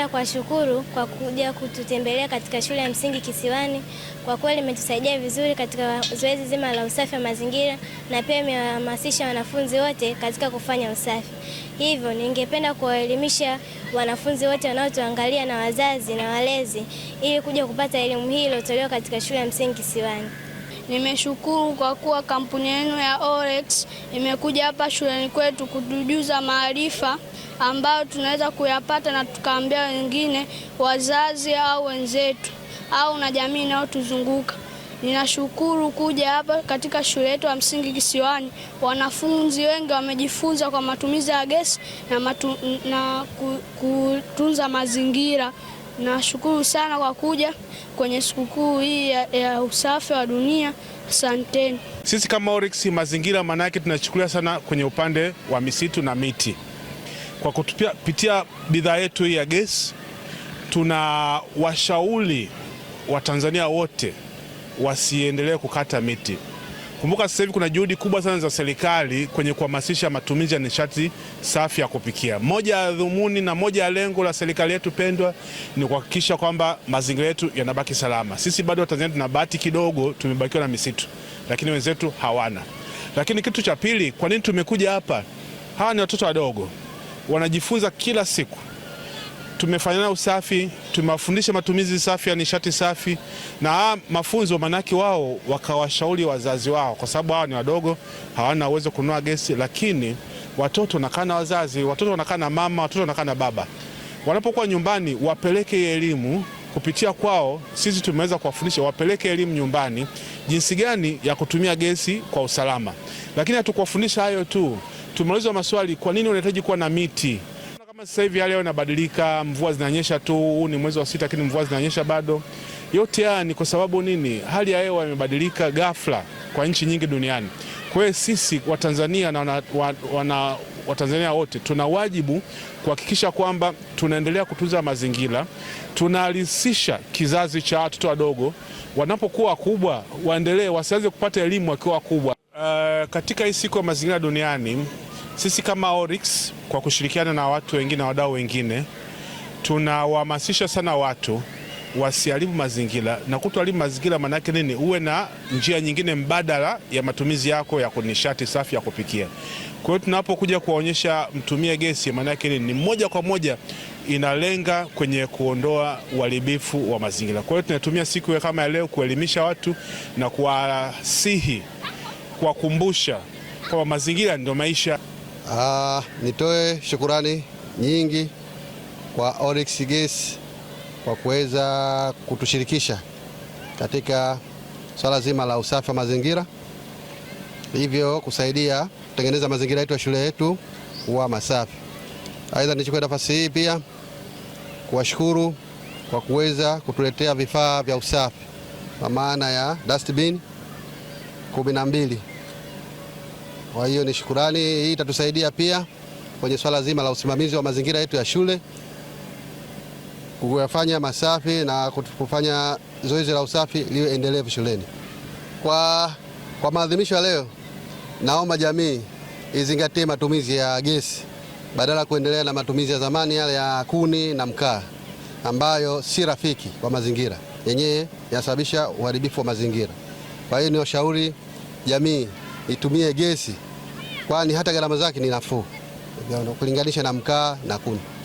Napenda kuwashukuru kwa kuja kututembelea katika shule ya msingi Kisiwani. Kwa kweli imetusaidia vizuri katika zoezi zima la usafi wa mazingira na pia imewahamasisha wanafunzi wote katika kufanya usafi. Hivyo ningependa kuwaelimisha wanafunzi wote wanaotuangalia na wazazi na walezi ili kuja kupata elimu hii iliyotolewa katika shule ya msingi Kisiwani. Nimeshukuru kwa kuwa kampuni yenu ya Orex imekuja hapa shuleni kwetu kutujuza maarifa ambayo tunaweza kuyapata na tukaambia wengine, wazazi au wenzetu au na jamii inayotuzunguka. Ninashukuru kuja hapa katika shule yetu ya msingi Kisiwani, wanafunzi wengi wamejifunza kwa matumizi ya gesi na, matu, na kutunza mazingira. Nashukuru sana kwa kuja kwenye sikukuu hii ya, ya usafi wa dunia. Asanteni. Sisi kama Oryx, mazingira maana yake tunachukulia sana kwenye upande wa misitu na miti. Kwa kupitia bidhaa yetu hii ya gesi, tuna washauri Watanzania wote wasiendelee kukata miti. Kumbuka sasa hivi kuna juhudi kubwa sana za serikali kwenye kuhamasisha matumizi ya nishati safi ya kupikia. Moja ya dhumuni na moja ya lengo la serikali yetu pendwa ni kuhakikisha kwamba mazingira yetu yanabaki salama. Sisi bado Watanzania tuna bahati kidogo, tumebakiwa na misitu, lakini wenzetu hawana. Lakini kitu cha pili, kwa nini tumekuja hapa? Hawa ni watoto wadogo wanajifunza kila siku. Tumefanyana usafi, tumewafundisha matumizi safi ya nishati safi, na haya mafunzo manake wao wakawashauri wazazi wao, kwa sababu hawa ni wadogo, hawana uwezo kununua gesi, lakini watoto wanakaa na wazazi, watoto wanakaa na mama, watoto wanakaa na baba. Wanapokuwa nyumbani, wapeleke elimu kupitia kwao. Sisi tumeweza kuwafundisha, wapeleke elimu nyumbani, jinsi gani ya kutumia gesi kwa usalama, lakini hatukuwafundisha hayo tu tumeulizwa maswali, kwa nini unahitaji kuwa na miti kama sasa hivi? Hali yao inabadilika, mvua zinanyesha tu, huu ni mwezi wa sita, lakini mvua zinanyesha bado. Yote haya ni kwa sababu nini? Hali ya hewa imebadilika ghafla kwa nchi nyingi duniani. Kwa hiyo sisi Watanzania na wana, wana, Watanzania wote tuna wajibu kuhakikisha kwamba tunaendelea kutunza mazingira, tunaharisisha kizazi cha watoto wadogo, wanapokuwa wakubwa waendelee, wasianze kupata elimu wakiwa wakubwa. Uh, katika hii siku ya mazingira duniani sisi kama Oryx kwa kushirikiana na watu wengine na wadau wengine tunawahamasisha sana watu wasiharibu mazingira, na kutoharibu mazingira maana yake nini? Uwe na njia nyingine mbadala ya matumizi yako ya kunishati safi ya kupikia. Kwa hiyo tunapokuja kuwaonyesha mtumie gesi, maana yake nini? Ni moja kwa moja inalenga kwenye kuondoa uharibifu wa mazingira. Kwa hiyo tunatumia siku kama ya leo kuelimisha watu na kuwasihi, kuwakumbusha kwamba mazingira ndio maisha. Aa, ah, nitoe shukurani nyingi kwa Oryx Gas kwa kuweza kutushirikisha katika swala zima la usafi wa mazingira, hivyo kusaidia kutengeneza mazingira yetu ya shule yetu kuwa masafi. Aidha, nichukue nafasi hii pia kuwashukuru kwa kuweza kutuletea vifaa vya usafi kwa maana ya dustbin kumi na mbili kwa hiyo ni shukurani, hii itatusaidia pia kwenye swala zima la usimamizi wa mazingira yetu ya shule, kuyafanya masafi na kufanya zoezi la usafi liwe endelevu shuleni. Kwa, kwa maadhimisho ya leo, naomba jamii izingatie matumizi ya gesi badala ya kuendelea na matumizi ya zamani yale ya kuni na mkaa ambayo si rafiki kwa mazingira, yenyewe yanasababisha uharibifu wa mazingira. Kwa hiyo ni washauri jamii itumie gesi, kwani hata gharama zake ni nafuu kulinganisha na mkaa na kuni.